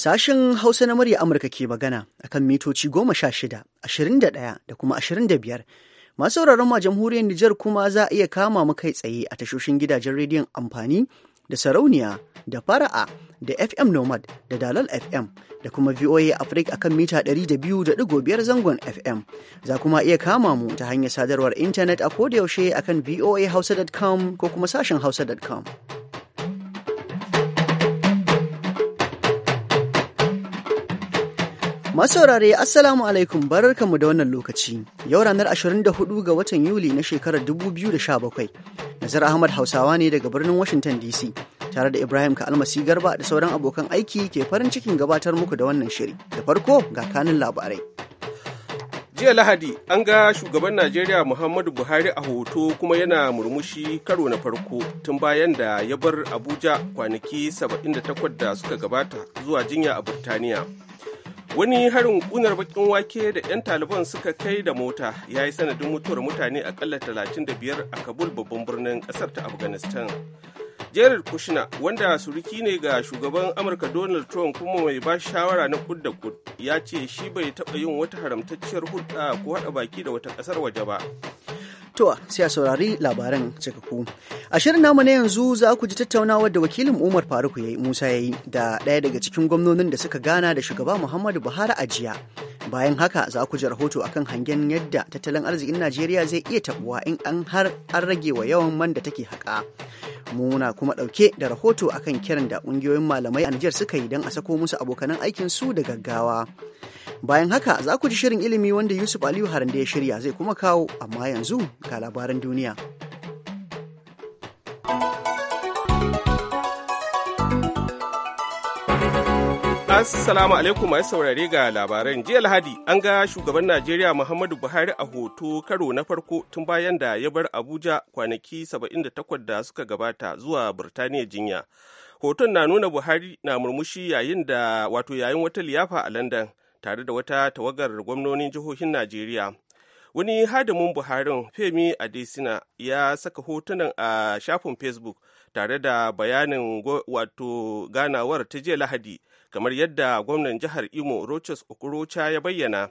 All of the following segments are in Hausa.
Sashen Hausa na murya Amurka ke magana akan mitoci goma sha shida, ashirin da ɗaya da kuma ashirin da biyar. Masu sauraron ma jamhuriyar Nijar kuma za a iya kama mu kai tsaye a tashoshin gidajen rediyon amfani da sarauniya da fara'a da FM Nomad da Dalal FM da kuma VOA Africa akan mita ɗari da da biyu ɗigo biyar zangon FM. Za kuma iya kama mu ta hanyar sadarwar intanet a kodayaushe akan voahausa.com ko kuma sashen hausa.com. Masaurare Assalamu alaikum barkanmu da wannan lokaci. Yau ranar 24 ga watan Yuli na shekarar 2017. Nazar Ahmad Hausawa ne daga birnin Washington DC tare da Ibrahim kalmasi Garba da sauran abokan aiki ke farin cikin gabatar muku da wannan shiri. Da farko ga kanin labarai. Jiya Lahadi an ga shugaban Najeriya Muhammadu Buhari a hoto kuma yana murmushi karo na farko tun bayan da ya bar Abuja kwanaki 78 da suka gabata zuwa jinya a Burtaniya. wani harin kunar bakin wake da 'yan taliban suka kai da mota ya yi sanadin mutuwar mutane akalla 35 a kabul babban birnin kasar ta afghanistan jared kushner wanda suriki ne ga shugaban amurka donald trump kuma mai ba shawara na kud da kud ya ce shi bai taɓa yin wata haramtacciyar hulɗa ko haɗa baki da wata ƙasar waje ba To, sai a saurari labaran cikakku. A shirin namu na yanzu za ku ji tattaunawar da wakilin Umar Faruk ya yi Musa ya yi da ɗaya daga cikin gwamnonin da suka gana da shugaba Muhammadu Buhari a jiya. Bayan haka za ku ji rahoto akan hangen yadda tattalin arzikin Najeriya zai iya tabuwa in an har an rage wa yawan man da take haƙa. Muna kuma ɗauke da rahoto akan kiran da ƙungiyoyin malamai a Nijar suka yi don a sako musu abokanan aikin su da gaggawa. Bayan haka za ku ji shirin ilimi wanda Yusuf Aliyu da ya shirya zai kuma kawo amma yanzu ga labaran duniya. Assalamu alaikum masu saurare ga labaran jiya Lahadi an ga shugaban Najeriya Muhammadu Buhari a hoto karo na farko tun bayan da ya bar Abuja kwanaki 78 da suka gabata zuwa Burtaniya jinya. Hoton na nuna Buhari na murmushi yayin da wato yayin wata liyafa a London. tare da wata tawagar gwamnonin jihohin najeriya wani hadimin buharin femi adesina ya saka hotunan a shafin facebook tare da bayanin wato ganawar ta jiya lahadi kamar yadda gwamnan jihar imo rochas okorocha ya bayyana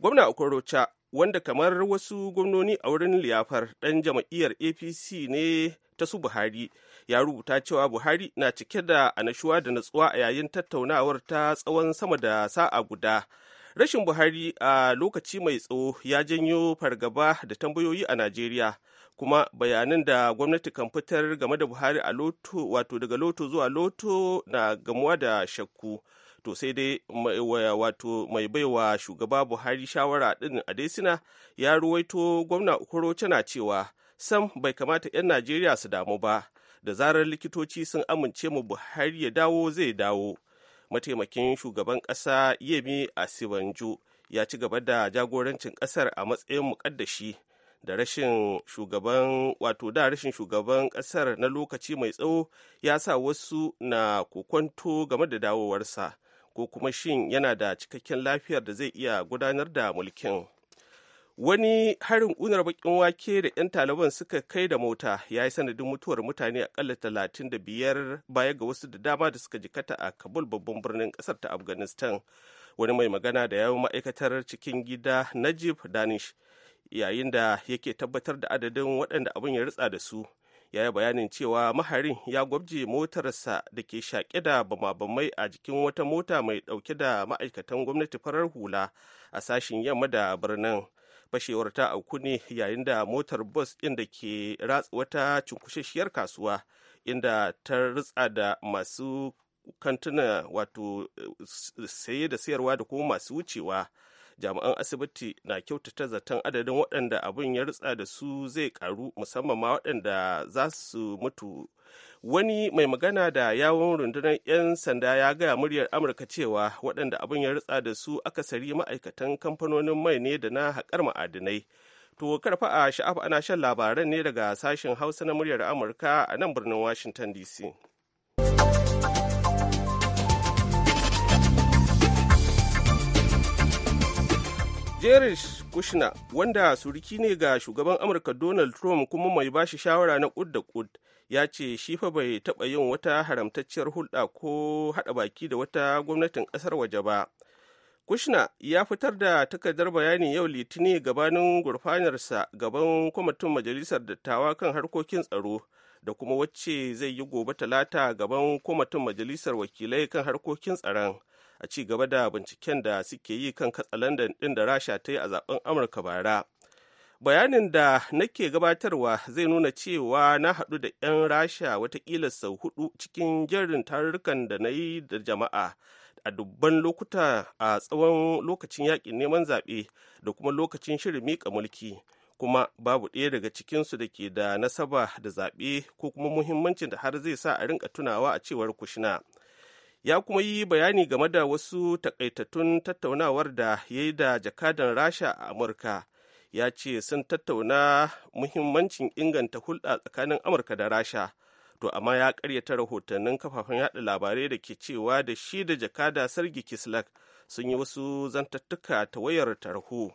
gwamna okorocha wanda kamar wasu gwamnoni a wurin liyafar ɗan jama'iyyar apc ne ta su buhari ya rubuta cewa buhari na cike da anashuwa da natsuwa a yayin tattaunawar ta tsawon sama da sa'a guda rashin buhari a lokaci mai tsawo ya janyo fargaba da tambayoyi a najeriya kuma bayanan da gwamnati kan fitar game da buhari a loto wato daga loto zuwa loto na gamuwa da shakku to sai dai wato mai baiwa shugaba buhari shawara din adesina ya ruwaito gwamna ukoro tana cewa sam bai kamata 'yan najeriya su damu ba da zarar likitoci sun amince mu buhari ya dawo zai dawo mataimakin shugaban ƙasa yemi asibanjo ya ci gaba da jagorancin ƙasar a matsayin muƙaddashi da rashin shugaban wato da rashin shugaban ƙasar na lokaci mai tsawo ya sa wasu na kokonto game da dawowarsa ko kuma shin yana da cikakken lafiyar da zai iya gudanar da mulkin wani harin unar bakin wake da 'yan taliban suka kai da mota ya yi sanadin mutuwar mutane akalla talatin da biyar baya ga wasu da dama da suka jikata a kabul babban birnin kasar ta afghanistan wani mai magana da yawon ma'aikatar cikin gida najib danish yayin da yake tabbatar da adadin waɗanda abin ya ritsa da su ya yi bayanin cewa maharin ya gwabje motarsa da ke shaƙe da bama bamabamai a jikin wata mota mai ɗauke da ma'aikatan gwamnati farar hula a sashen yamma da birnin fashewar ta auku ne yayin da motar bus ɗin ke ratsa wata cunkushashiyar kasuwa inda ta ritsa da masu kantuna wato eh, saye da sayarwa da kuma masu wucewa jami'an asibiti na kyautata zaton adadin waɗanda abin ya rutsa da su zai karu musamman ma waɗanda za su mutu wani mai magana da yawon rundunar 'yan sanda ya gaya muryar amurka cewa waɗanda abin ya rutsa da su akasari ma'aikatan kamfanonin mai ne da na haƙar ma'adinai to karfa a sha'afa ana shan labaran ne daga sashen hausa na muryar amurka a nan birnin washington dc jared kushner wanda suriki ne ga shugaban amurka donald trump kuma mai bashi shawara na kud da kud ya ce shi fa bai taɓa yin wata haramtacciyar hulɗa ko haɗa baki da wata gwamnatin ƙasar waje ba kushna ya fitar da takardar bayani yau Litini gabanin gurfanarsa gaban kwamitin majalisar dattawa kan harkokin tsaro da kuma wacce zai yi gobe talata gaban kwamitin majalisar wakilai kan harkokin tsaron a ci gaba da binciken da suke yi kan katsalandan ɗin da rasha ta yi a zaben amurka bara bayanin da nake gabatarwa zai nuna cewa na haɗu da 'yan rasha watakila sau hudu cikin jerin tarurrukan da na yi da jama'a a dubban lokuta a tsawon lokacin yakin neman zaɓe da kuma lokacin shirin miƙa mulki kuma babu ɗaya daga cikinsu da ke da nasaba da zaɓe ko kuma muhimmancin da har zai sa a rinka tunawa a cewar kushina ya kuma yi bayani game da wasu takaitattun tattaunawar da ya yi da jakadan rasha a amurka ya ce sun tattauna muhimmancin inganta hulɗa tsakanin amurka da rasha to amma ya karyata rahotannin kafafen yaɗa labarai da ke cewa da shi da jakada sargi kislak sun yi wasu zantattuka ta wayar tarho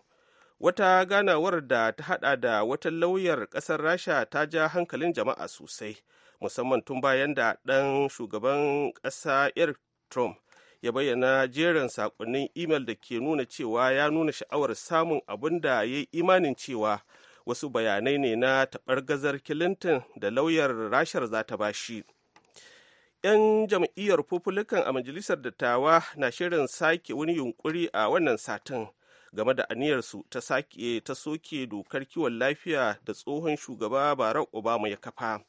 wata ganawar da ta hada da wata lauyar ƙasar rasha ta ja hankalin jama'a sosai musamman tun bayan da ɗan shugaban ƙasa eric trump ya bayyana jerin saƙonnin imel da ke nuna cewa ya nuna sha'awar samun abin da ya yi imanin cewa wasu bayanai ne na taɓar gazar clinton da lauyar rashar za ta bashi. 'yan jam'iyyar Fufulukan a majalisar dattawa na shirin sake wani yunkuri a wannan satin game da aniyarsu ta sake ta soke dokar kiwon lafiya da tsohon shugaba barack obama ya kafa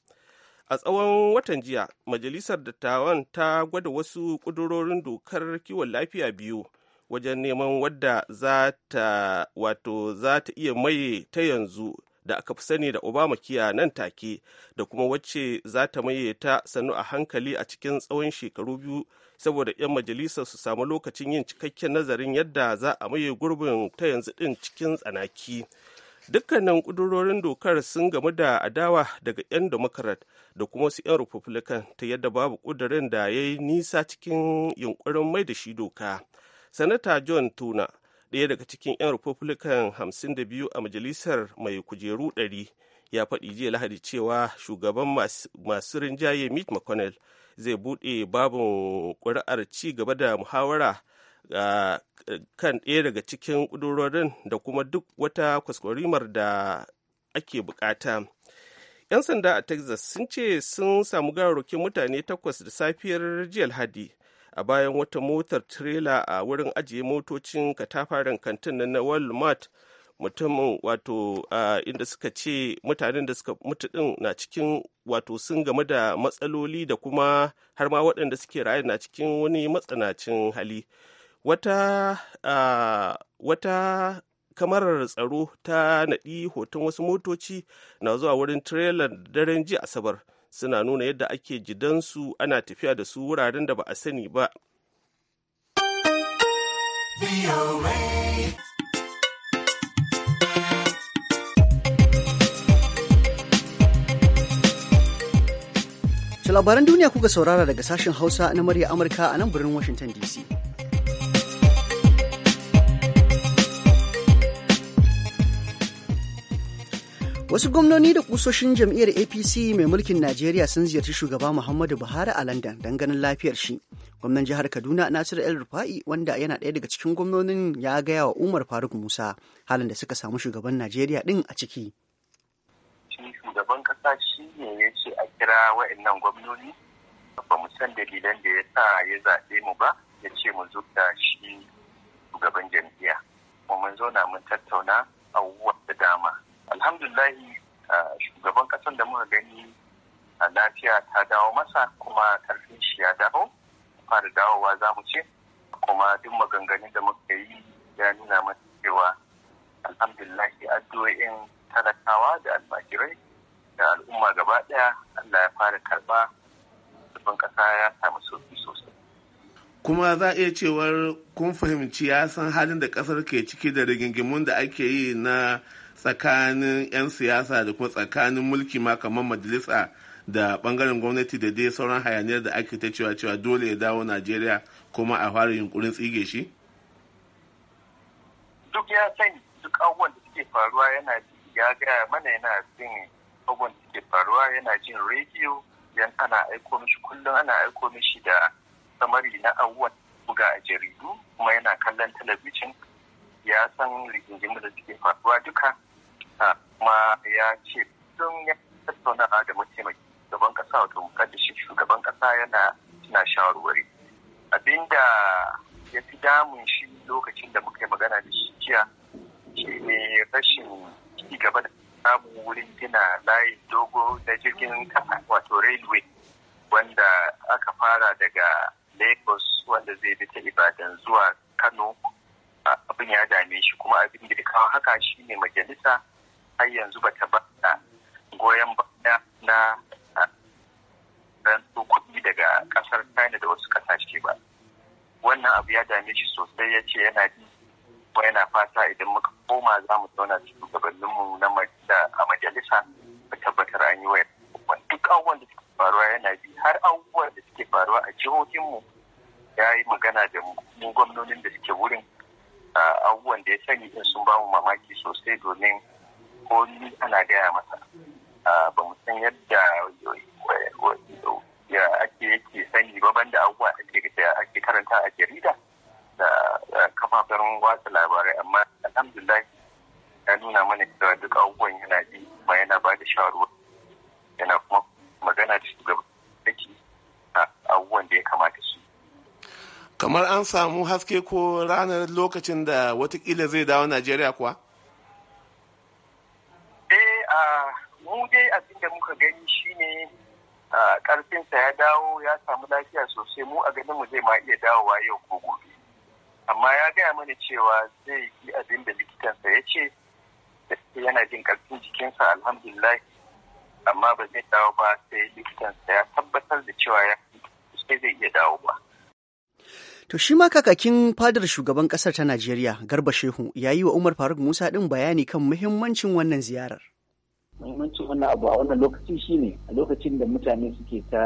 a tsawon watan jiya majalisar dattawan ta gwada wasu ƙudurorin dokar kiwon lafiya biyu wajen neman wadda za ta wato za ta iya maye ta yanzu da aka fi sani da obama kiya nan take da kuma wacce za ta maye ta sanu a hankali a cikin tsawon shekaru biyu saboda 'yan majalisar su samu lokacin yin cikakken nazarin yadda za a maye gurbin ta yanzu din cikin tsanaki dukkanin kudurorin dokar sun gamu da adawa daga 'yan democrat da kuma wasu 'yan republican ta yadda babu kudurin da ya yi nisa cikin yunkurin mai da shi doka sanata john tuna ɗaya daga cikin 'yan republican 52 a majalisar mai kujeru 100 ya faɗi jiya lahadi cewa shugaban masu rinjaye mitt mcconnell zai buɗe babin ƙuri'ar ci gaba da muhawara Eh, kan ɗaya daga cikin ƙudurorin da kuma duk wata kwaskwarimar da ake bukata. 'Yan sanda a Texas sun ce sun samu gararrukin mutane takwas da safiyar jiya Alhadi a bayan wata motar trela a wurin ajiye motocin katafaren kantin na Walmart mutumin wato eh, inda suka ce mutanen da suka mutu din na cikin wato sun game da matsaloli da kuma har ma waɗanda suke raye na cikin wani matsanacin hali. wata uh, wata kamarar tsaro ta naɗi hoton wasu motoci na zuwa wurin tirelar daren ji asabar suna nuna yadda ake jidansu ana tafiya da su wuraren da ba a sani ba labaran duniya kuka saurara daga sashen hausa na murya amurka a nan birnin washington dc Wasu gwamnoni da kusoshin jam'iyyar APC mai mulkin Najeriya sun ziyarci shugaba Muhammadu Buhari a London don ganin lafiyar shi. Gwamnan jihar Kaduna Nasiru El Rufa'i wanda yana ɗaya daga cikin gwamnonin ya gaya wa Umar Faruk Musa halin da suka samu shugaban Najeriya ɗin a ciki. Shugaban ƙasa shi ne ya ce a kira wa'annan gwamnoni ba mu san dalilan da ya sa ya zaɓe mu ba ya ce mu zo da shi shugaban jam'iyya. Mu mun zauna mun tattauna a da dama. alhamdulahi shugaban kasan da muka gani a lafiya ta dawo masa kuma karfin shi ya dawo fara dawowa za mu ce kuma duk maganganu da muka yi ya nuna masa cewa alhamdulahi addu'o'in talakawa da almajirai da al'umma gaba daya Allah ya fara karba shugaban kasa ya samu sauki sosai kuma za a iya cewar kun fahimci ya san halin da kasar ke ciki da rigingimun da ake yi na tsakanin 'yan siyasa da kuma tsakanin mulki ma kamar majalisa da bangaren gwamnati da dai sauran hayaniyar da ake ta cewa cewa dole ya dawo najeriya kuma a fara yunkurin tsige shi duk ya sani duk abubuwan da suke faruwa yana ya gaya mana yana jin abubuwan da suke faruwa yana jin rediyo yan ana aiko mishi kullum ana aiko mishi da samari na abubuwan buga a jaridu kuma yana kallon talabijin ya san rigingimu da suke faruwa duka kasa ma ya ce sun ya tattauna da mataimakin shugaban kasa wato shi shugaban kasa yana suna shawarwari abinda ya fi damun shi lokacin da muka yi magana da shi jiya shi ne rashin ci gaba da samu wurin gina layin dogo na jirgin kasa wato railway wanda aka fara daga lagos wanda zai bi ta ibadan zuwa kano abin ya dame shi kuma abin da ya kawo haka shi ne majalisa har yanzu bata ba da goyon baya na rantsu kuɗi daga ƙasar china da wasu ƙasashe ba wannan abu ya dame shi sosai ya ce yana ji kuma yana fata idan muka koma za mu zauna da shugabanninmu na a majalisa ba. tabbatar an yi waya duk abubuwan da suke faruwa yana bi har abubuwan da suke faruwa a jihohinmu ya yi magana da mu gwamnonin da suke wurin ah, abubuwan da ya sani sun ba mu mamaki sosai domin kori ana gaya masa ba mu san yadda ya ake yake sani ba banda abubuwa ake karanta a jarida da kafafen watsa labarai amma alhamdulillah ya nuna mana cewa duk abubuwan yana bi kuma yana ba da shawarwa yana kuma magana da shugaban a abubuwan da ya kamata su kamar an samu haske ko ranar lokacin da watakila zai dawo najeriya kuwa gani shine karfinsa ya dawo ya samu lafiya sosai mu a ganin mu zai ma iya dawowa yau ko gobe amma ya gaya mana cewa zai yi abin da likitansa ya ce yana jin karfin jikinsa alhamdulillah amma ba zai dawo ba sai likitansa ya tabbatar da cewa ya sai zai iya dawo ba To shi ma kakakin fadar shugaban kasar ta Najeriya Garba Shehu ya yi wa Umar Faruk Musa ɗin bayani kan muhimmancin wannan ziyarar. muhimmancin wannan abu a wannan lokaci ne, a lokacin da mutane suke ta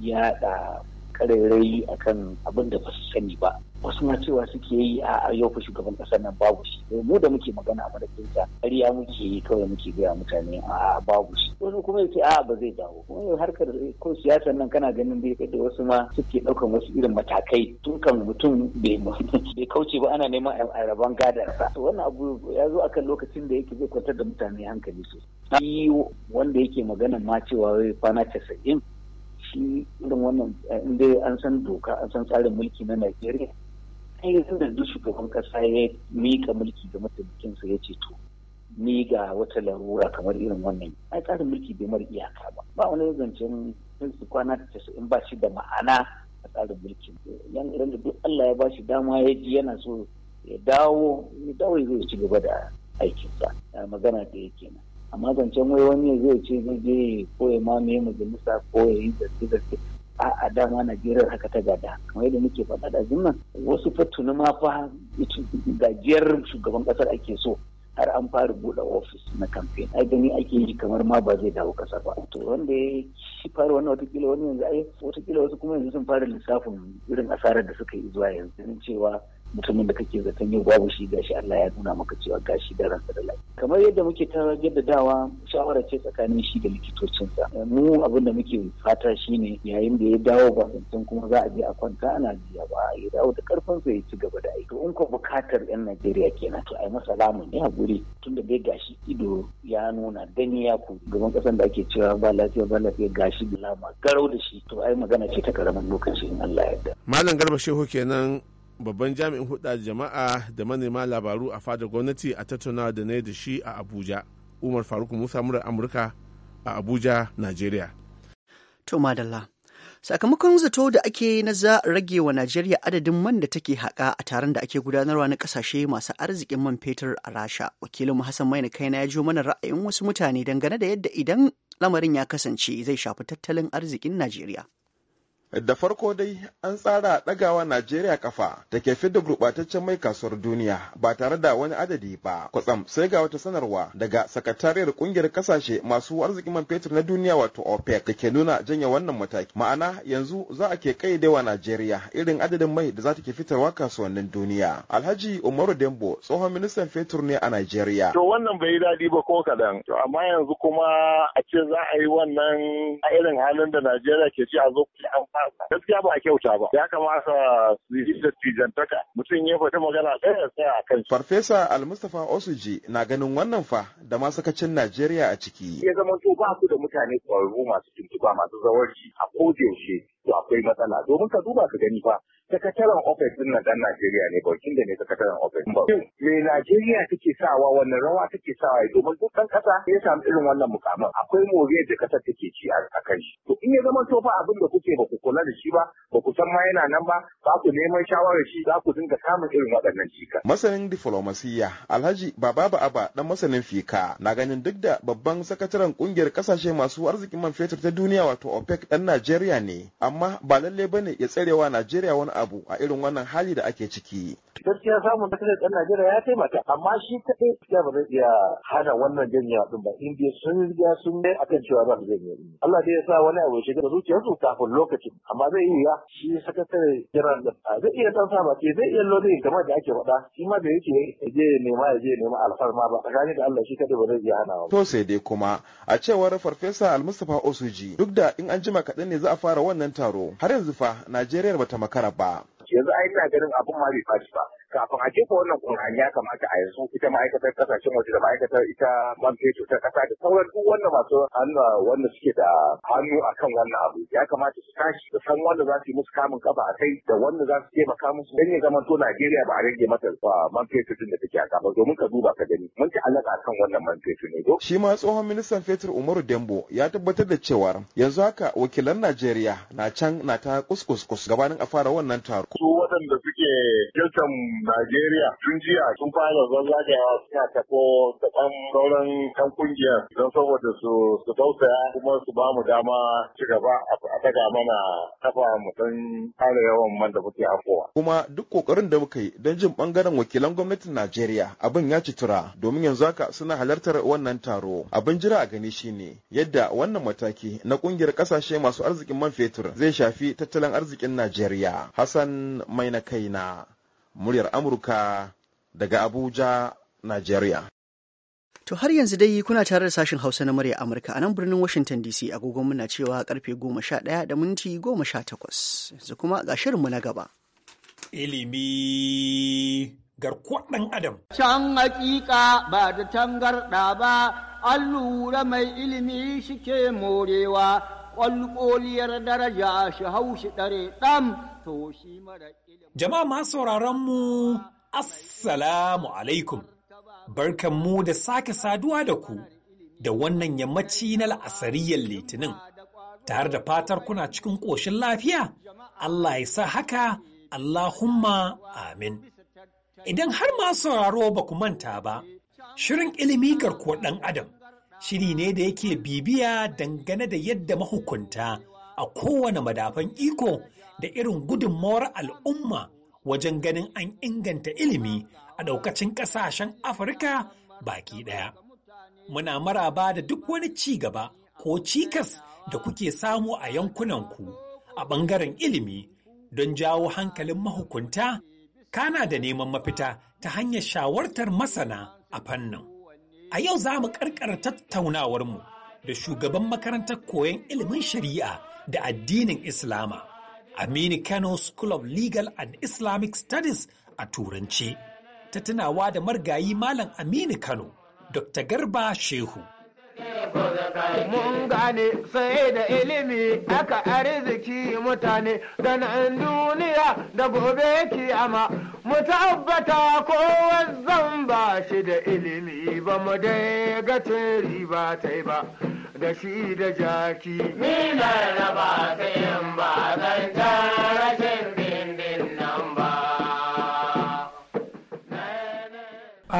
yada karairayi akan abin da ba su sani ba wasu ma cewa suke yi a yau fa shugaban kasar nan babu shi mu da muke magana a madadin ta ƙarya muke yi kawai muke gaya mutane a babu shi wani kuma yake a ba zai dawo wani harkar ko siyasar nan kana ganin dai da wasu ma suke ɗaukan wasu irin matakai tun kan mutum bai kauce ba ana neman a raban gadarsa wannan abu ya zo akan lokacin da yake zai kwantar da mutane hankali sosai wanda yake magana ma cewa wai kwana casa'in shi irin wannan eh, inda an san doka an san tsarin mulki na najeriya matsayin da duk shugaban kasa ya mika mulki ga sa ya ce to ni ga wata larura kamar irin wannan ai tsarin mulki bai mara iyaka ba ba wani zancen su kwana casa'in ba shi da ma'ana a tsarin mulki yan irin da duk Allah ya ba shi dama ya ji yana so ya dawo ya dawo ya zai ci gaba da aikin aikinsa magana da yake nan amma zancen wai wani ya zai ce zai je ko ya mamaye majalisa ko ya yi zarge-zarge a'a dama Najeriya haka ta gada kamar yadda muke faɗa da zimman wasu fattuna ma fa gajiyar shugaban ƙasar ake so har an fara buɗe ofis na kamfen ai gani ake yi kamar ma ba zai dawo ƙasar ba to wanda ya shi fara wannan watakila wani yanzu ai watakila wasu kuma yanzu sun fara lissafin irin asarar da suka yi zuwa yanzu cewa mutumin da kake zaton yau babu shi gashi Allah ya nuna maka cewa gashi da ransa da lafiya kamar yadda muke ta dawa, shawara ce tsakanin shi da likitocinsa mu abin da muke fata shine yayin da ya dawo ba sun kuma za a je a kwanta ana jiya ba ya dawo da karfin sa ya ci gaba da aiki in ko bukatar yan Najeriya kenan to ai masa lamun ne Tun tunda bai gashi ido ya nuna gani ya ku gaban kasan da ake cewa ba lafiya ba lafiya gashi da lama garau da shi to ai magana ce ta karamin lokaci in Allah ya yarda malam garba shehu kenan babban jami'in hudda jama'a da manema labaru a fadar gwamnati a tattaunawa da na da shi a abuja umar faruk musa murar amurka a abuja nigeria to madalla sakamakon zato da ake na za rage wa Najeriya adadin man da take haƙa a taron da ake gudanarwa na ƙasashe masu arzikin man fetur a Rasha. Wakilin Hassan Maina kaina ya jo mana ra'ayin wasu mutane dangane da yadda idan lamarin ya kasance zai shafi tattalin arzikin Najeriya. da farko dai an tsara ɗagawa najeriya kafa da ke da gurɓataccen mai kasuwar duniya ba tare da wani adadi ba kwatsam sai ga wata sanarwa daga sakatariyar ƙungiyar ƙasashe masu arzikin man fetur na duniya wato opec da ke nuna janye wannan mataki ma'ana yanzu za a ke kaidewa najeriya irin adadin mai da za ta ke fitarwa kasuwannin duniya alhaji umaru dembo tsohon ministan fetur ne a najeriya to wannan bai yi daɗi ba ko kaɗan to amma yanzu kuma a ce za a yi wannan a irin halin da najeriya ke ci a zo gaskiya ba a kyauta ba ya kamata su yi da tijantaka mutum ya faɗi magana ɗaya sai a kan farfesa almustafa osuji na ganin wannan fa da masakacin najeriya a ciki ya zama to ba ku da mutane ƙwararru masu tuntuba masu zawarci a kodayaushe to akwai matsala domin ka duba ka gani fa sakataren ofis din nan dan Najeriya ne bakin da ne sakataren OPEC ba me Najeriya take sawa wannan rawa take sawa domin duk dan kasa ya samu irin wannan mukamin akwai moriyar da kasa take ci a kan to in ya zama to fa abin da kuke ba ku kula da shi ba ba ku san ma yana nan ba ba ku neman shawarar shi za ku dinga samun irin waɗannan cika masanin diflomasiyya Alhaji Baba Aba dan masanin fika na ganin duk da babban sakataren kungiyar kasashe masu arzikin man fetur ta duniya wato OPEC dan Najeriya ne amma amma ba lalle bane ya tsarewa Najeriya wani abu a irin wannan hali da ake ciki. Gaskiya samun tattalin ɗan Najeriya ya taimaka amma shi kaɗai gaskiya ba zai iya hana wannan janyewa ɗin ba in dai sun riga sun yi akan cewa za su yi. Allah dai ya sa wani abu ya shiga da su kafin lokacin amma zai iya shi sakatare jiran da zai iya ɗan sa ce zai iya lodin kamar da ake faɗa shi ma da yake je nema ya je nema alfarma ba tsakanin da Allah shi kaɗai ba zai iya hana ba. To sai dai kuma a cewar Farfesa Almustapha Osuji duk da in an jima kaɗan ne za a fara wannan taro har yanzu fa Najeriya bata makara ba yanzu ai ina ganin abun ma bai faci ba kafin a jefa wannan kunhan ya kamata a yanzu ita ma'aikatar kasashen waje da ma'aikatar ita man fetur ta kasa da sauran duk wanda masu hannu wanda suke da hannu a kan wannan abu ya kamata su tashi su san wanda za su yi musu kamun kafa a kai da wanda za su taimaka musu dan ya zama to Najeriya ba a rage mata man fetur din da take a ba domin ka duba ka gani mun ci a kan wannan man fetur ne shi ma tsohon ministan fetur Umaru Dembo ya tabbatar da cewa yanzu haka wakilan Najeriya na can na ta kuskus gabanin a fara wannan taro su waɗanda suke jirgin Najeriya tun jiya sun fara zazzagawa suna tafo da ɗan sauran ɗan kungiyar don saboda su su tausaya kuma su ba mu dama ci gaba a daga mana kafa mu san ƙara yawan man da muke kowa. Kuma duk ƙoƙarin da muka yi don jin ɓangaren wakilan gwamnatin Najeriya abin ya ci tura domin yanzu haka suna halartar wannan taro. Abin jira a gani shine yadda wannan mataki na ƙungiyar ƙasashe masu arzikin man fetur zai shafi tattalin arzikin Najeriya. Hassan Mai kaina. muryar Amurka daga Abuja, Najeriya. To har yanzu dai kuna tare da sashen Hausa na murya Amurka a nan birnin Washington DC agogon muna cewa karfe goma sha ɗaya da minti goma sha takwas. Yanzu kuma ga shirinmu na gaba. Ilimi garkuwar ɗan Adam. Can hakika ba da tangarɗa ba, an lura mai ilimi shike morewa ƙwalƙoliyar daraja shi haushi ɗare ɗam to Jama'a masu sauraron mu Assalamu alaikum. Barkan mu da sake saduwa da ku da wannan yammaci na la'asariyar litinin. Tare da fatar kuna cikin ƙoshin lafiya, Allah ya sa haka Allahumma amin. Idan har masu sauraro ba ku manta ba, shirin ilimi garkuwar ɗan Adam shiri ne da yake bibiya dangane da yadda mahukunta a kowane madafan iko da irin gudunmawar al'umma wajen ganin an inganta ilimi a ɗaukacin ƙasashen afirka baki ɗaya muna maraba da duk wani ci gaba ko cikas da kuke samu a yankunanku a ɓangaren ilimi don jawo hankalin mahukunta kana da neman mafita ta hanyar shawartar masana a fannin A yau za mu karkar tattaunawarmu da shugaban makarantar koyon ilimin shari'a da addinin Islama, Aminu Kano School of Legal and Islamic Studies a Turanci, ta tunawa da margayi Malam Aminu Kano, Dr. Garba Shehu. Mun gane sai da ilimi aka arziki mutane da nan duniya da gobe kiyama. Mu tabbata ko zan ba shi da ilimi ba mu dai ga riba ta ba. Da shi da jaki. Ni na raba ta yin ba zan rashin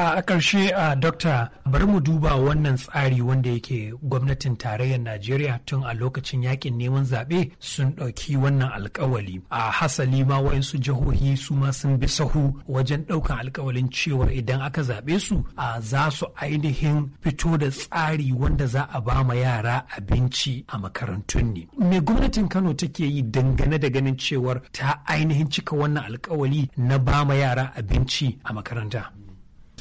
a ƙarshe a dokta bari mu duba wannan tsari wanda yake gwamnatin tarayyar najeriya tun a lokacin yakin neman zaɓe sun ɗauki wannan alkawali a hasali ma wayansu jihohi su ma sun bi sahu wajen ɗaukan alkawalin cewar idan aka zaɓe su a za su ainihin fito da tsari wanda za a ba ma yara abinci a makarantun ne me gwamnatin kano take yi dangane da ganin cewar ta ainihin cika wannan alkawali na ba ma yara abinci a makaranta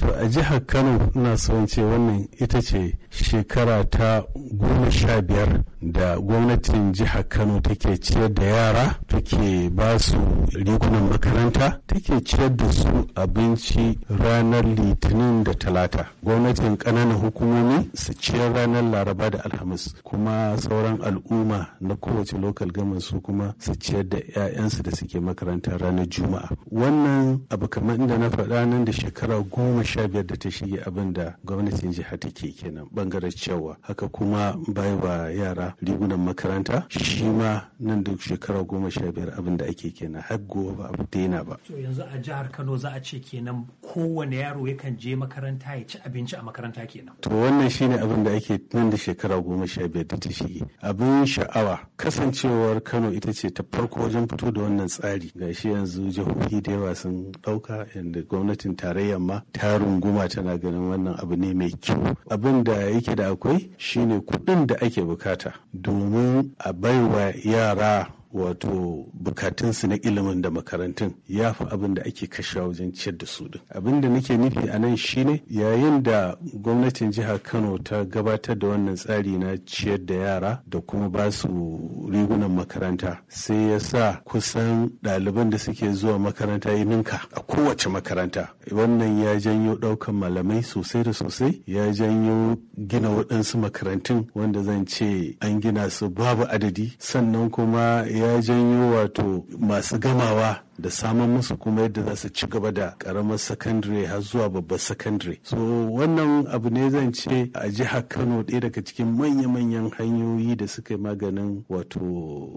to a jihar kano ina son ce wannan ita ce shekara ta goma sha biyar da gwamnatin jihar kano take ciyar da yara take ba su rigunan makaranta take ciyar da su abinci ranar litinin da talata gwamnatin ƙananan hukumomi su ciyar ranar laraba da alhamis kuma sauran al'umma na kowace lokal gama su kuma su ciyar da 'ya'yansu da suke makaranta ranar juma'a wannan abu kamar inda na faɗa nan da shekara goma sha biyar da ta shige abin da gwamnatin jiha take kenan bangaren cewa haka kuma bai ba yara rigunan makaranta shi ma nan duk shekara goma sha biyar abin da ake kenan har gobe ba a daina ba. to yanzu a jihar kano za a ce kenan kowane yaro yakan je makaranta ya ci abinci a makaranta kenan. to wannan shi ne abin da ake nan da shekara goma sha biyar da ta shige abin sha'awa kasancewar kano ita ce ta farko wajen fito da wannan tsari ga shi yanzu jihohi da yawa sun ɗauka yadda gwamnatin tarayya ma ta runguma tana ganin wannan abu ne mai kyau abin da yake da akwai shine kudin da ake bukata domin a baiwa yara wato bukatunsu na ilimin da makarantun ya fi abin da ake kashewa wajen ciyar da su din abin da nake nufi a nan shine yayin da gwamnatin jihar kano ta gabatar da wannan tsari na ciyar da yara da kuma ba su rigunan makaranta sai ya sa kusan ɗaliban da suke zuwa makaranta yi ninka a kowace makaranta wannan ya janyo ɗaukan malamai sosai da sosai ya janyo gina waɗansu makarantun wanda zan ce an gina su babu adadi sannan kuma ya janyo wato masu gamawa da samun musu kuma yadda za su ci gaba da karamar sakandare har zuwa babbar sakandare so wannan abu ne zan ce a jihar kano ɗaya daga cikin manya-manyan hanyoyi da suka yi maganin wato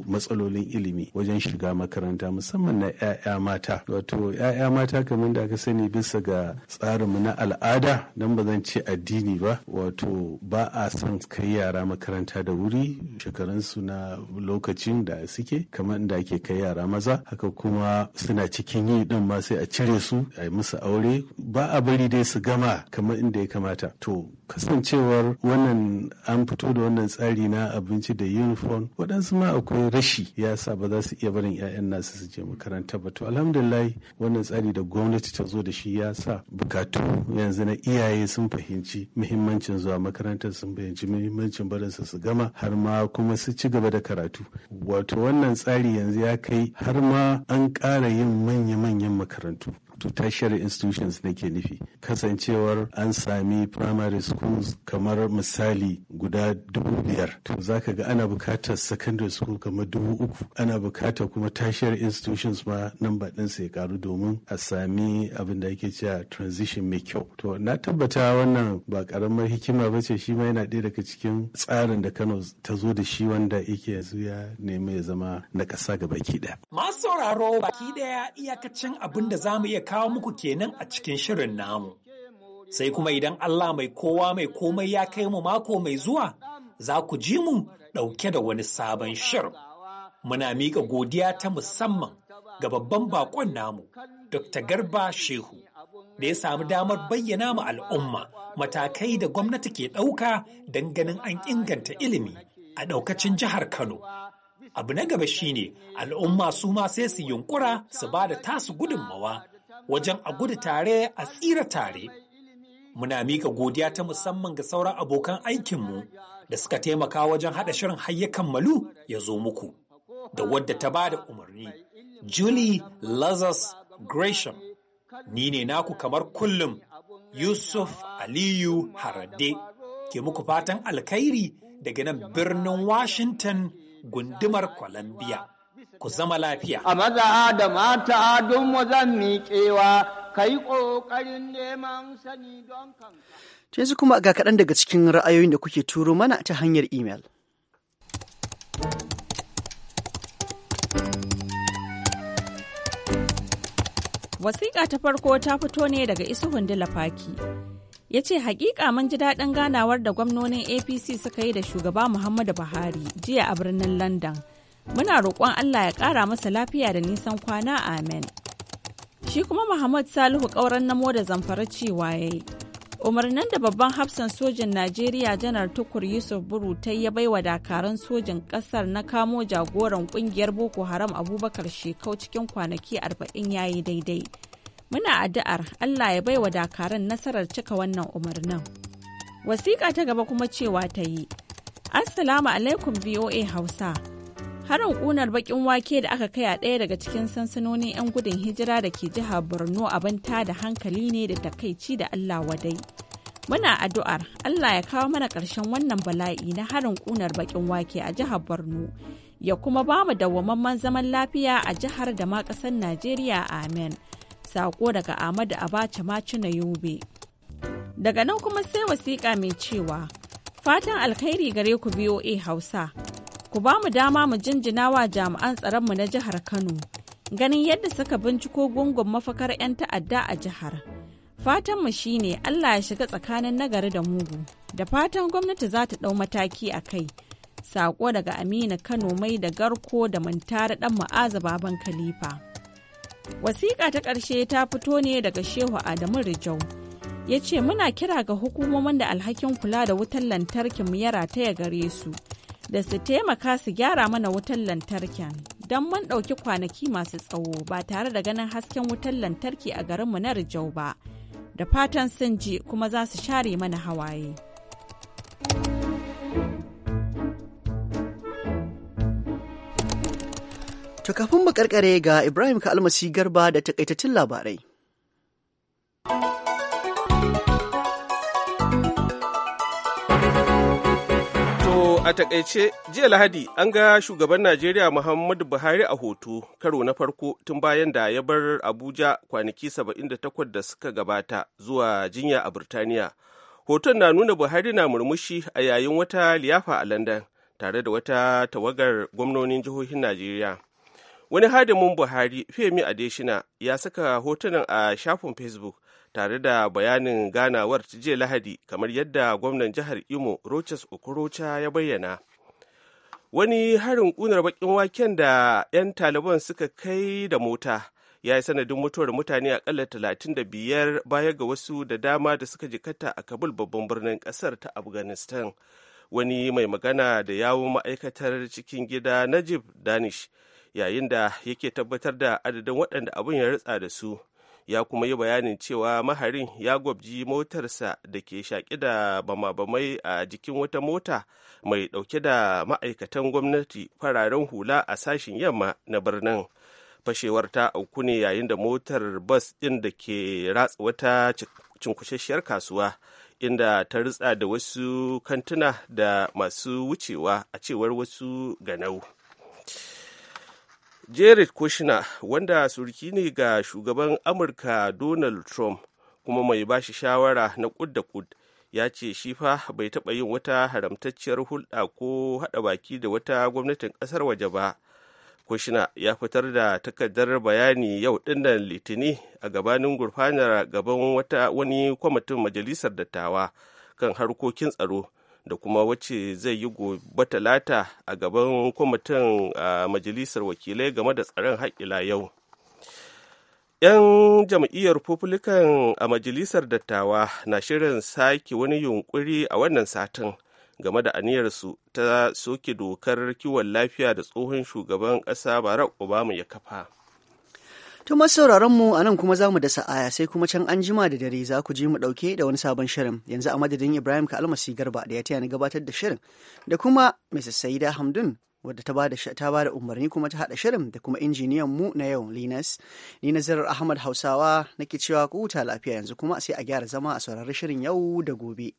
matsalolin ilimi wajen shiga makaranta musamman na 'ya'ya mata wato 'ya'ya mata kamar da aka sani bisa ga tsarinmu na al'ada don ba zan ce addini ba wato ba a son kai yara makaranta da wuri shekarunsu na lokacin da suke kamar da ake kai yara maza haka kuma suna cikin yi din ma sai a cire su a yi musu aure ba a bari dai su gama kamar inda ya kamata to kasancewar wannan an fito da wannan tsari na abinci da uniform waɗansu ma akwai rashi ya sa ba za su iya barin 'ya'yan nasu su je makaranta ba to alhamdulillah wannan tsari da gwamnati ta zo da shi ya sa bukatu yanzu na iyaye sun fahimci muhimmancin zuwa makarantar sun fahimci muhimmancin barinsa su gama har ma kuma su ci gaba da karatu wato wannan tsari yanzu ya kai har ma an ƙara ana yin manya-manyan makarantu to tertiary institutions nake nufi kasancewar an sami primary schools kamar misali guda dubu biyar to ka ga ana bukatar secondary school kamar dubu uku ana bukatar kuma tertiary institutions ma namba ɗin sai karu domin a sami abin da ake cewa transition mai kyau to na tabbata wannan ba karamar hikima ba ce shi ma yana ɗaya daga cikin tsarin da kano ta zo da shi wanda yake yanzu ya nemi ya zama na ƙasa ga baki ɗaya. masu sauraro baki ɗaya iyakacin abin da za mu iya kawo muku kenan a cikin shirin namu. Sai kuma idan Allah mai kowa mai komai ya kai mu mako mai zuwa, za ku ji mu ɗauke da wani sabon shirin. Muna miƙa godiya ta musamman ga babban bakon namu, Dr. Garba Shehu, da ya samu damar bayyana mu al'umma matakai da gwamnati ke ɗauka don ganin an inganta ilimi a ɗaukacin jihar Kano. abu na gaba shine al'umma su ma sai su yunkura su ba da tasu gudunmawa wajen a gudu tare a tsira tare. Muna mika godiya ta musamman ga sauran abokan aikinmu da suka taimaka wajen haɗa shirin hayyakan malu ya zo muku, da wadda ta ba da umarni, Julie Lazarus Gresham. Ni ne naku kamar kullum Yusuf Aliyu Harade ke muku fatan alkhairi daga nan birnin Washington gundumar Columbia. ku zama lafiya. A maza da mata don mu zan miƙewa, ka yi ƙoƙarin neman sani don kanka. yanzu kuma ga kaɗan daga cikin ra'ayoyin da kuke turo mana ta hanyar imel. Wasiƙa ta farko ta fito ne daga Isuhun Dilafaki. Ya ce hakika mun ji daɗin ganawar da gwamnonin APC suka yi da shugaba Muhammadu Buhari jiya a birnin London. Muna roƙon Allah ya ƙara masa lafiya da nisan kwana amen. Shi kuma Muhammad Salihu ƙauren namo da zamfara cewa ya yi. Umarnin da babban hafsan sojin Najeriya janar Tukur Yusuf Burutai ya wa dakaran sojin ƙasar na kamo jagoran ƙungiyar Boko Haram Abubakar Shekau cikin kwanaki 40 yi daidai. Muna addu'ar Allah ya bai wa dakaran nasarar cika wannan umarnin. Wasiƙa ta gaba kuma cewa ta yi. Assalamu alaikum VOA Hausa. Harin ƙunar bakin wake da aka kai a ɗaya daga cikin sansanonin 'yan gudun hijira da ke jihar Borno abin da hankali ne da takaici da Allah wadai. Muna addu'ar Allah ya kawo mana ƙarshen wannan bala'i na harin ƙunar bakin wake a jihar Borno ya kuma ba mu dawwamamman zaman lafiya a jihar da ma ƙasar Najeriya amen. Sako daga Ahmadu Abacha na Yobe. Daga nan kuma sai wasiƙa mai cewa fatan alkhairi gare ku BOA Hausa. ku ba mu dama mu jinjina wa jami'an tsaron mu na jihar Kano ganin yadda suka binciko gungun mafakar 'yan ta'adda a jihar. Fatanmu shine Allah ya shiga tsakanin nagari da mugu, da fatan gwamnati za ta ɗau mataki a kai. Sako daga Amina Kano mai da garko da mantara ɗan ma'aza baban Khalifa. Wasiƙa ta ƙarshe ta fito ne daga Shehu Adamu Rijau. Ya ce muna kira ga hukumomin da alhakin kula da wutar lantarkinmu ya rataya gare su. da su taimaka su gyara mana wutar lantarkin don mun ɗauki kwanaki masu tsawo ba tare da ganin hasken wutar lantarki a garinmu na Rijau ba. Da fatan sun ji kuma za su share mana hawaye. Tukafin kafin mu karkare ga Ibrahim Kalmasi Garba da takaitattun labarai. a takaice jiya lahadi an ga shugaban najeriya muhammadu buhari a hoto karo na farko tun bayan da ya bar abuja kwanaki 78 da suka gabata zuwa jinya a burtaniya hoton na nuna buhari na murmushi a yayin wata liyafa a Landan, tare da wata tawagar gwamnonin jihohin najeriya wani hadimin buhari femi adeshina ya saka hotunan a shafin facebook tare da bayanin ganawar jiya lahadi kamar yadda gwamnan jihar imo rochas okorocha ya bayyana wani harin kunar bakin waken da 'yan taliban suka kai da mota ya yi sanadin mutuwar mutane akalla 35 baya ga wasu da dama da suka jikata a kabul babban birnin kasar ta afghanistan wani mai magana da yawun ma'aikatar cikin gida najib danish yayin da yake tabbatar da adadin waɗanda abin ya ritsa da su ya kuma yi bayanin cewa maharin ya gwabji motarsa da ke shaƙi da bama-bamai a jikin wata mota mai ɗauke da ma'aikatan gwamnati fararen hula a sashen yamma na birnin fashewar ta auku ne yayin da motar bas ɗin da ke ratsa wata cinkushasshiyar kasuwa inda ta ritsa da wasu kantuna da masu wucewa a cewar wasu ganau. jared kushner wanda surki ne ga shugaban amurka donald trump kuma mai bashi shawara na kud da kud ya ce shi fa bai taɓa yin wata haramtacciyar hulɗa ko haɗa baki da wata gwamnatin ƙasar waje ba kushina ya fitar da takardar bayani yau dinnan litini a gabanin gurfanar gaban wani kwamitin majalisar dattawa kan harkokin tsaro da kuma wacce zai yi gobe talata a gaban kwamitin majalisar wakilai game da tsaron haƙila yau 'yan jam'iyyar republican a majalisar dattawa na shirin sake wani yunkuri a wannan satin game da aniyarsu ta soke dokar kiwon lafiya da tsohon shugaban ƙasa barack obama ya kafa To masu sauraron mu a nan kuma za mu da sa'aya sai kuma can an jima da dare za ku je mu ɗauke da wani sabon shirin yanzu a madadin Ibrahim ka almasi garba da ya taya ni gabatar da shirin da kuma Mrs. Saida Hamdun wadda ta bada ta bada umarni kuma ta hada shirin da kuma injiniyan mu na yau Linus ni Zarar Ahmad Hausawa nake cewa ku huta lafiya yanzu kuma sai a gyara zama a saurari shirin yau da gobe.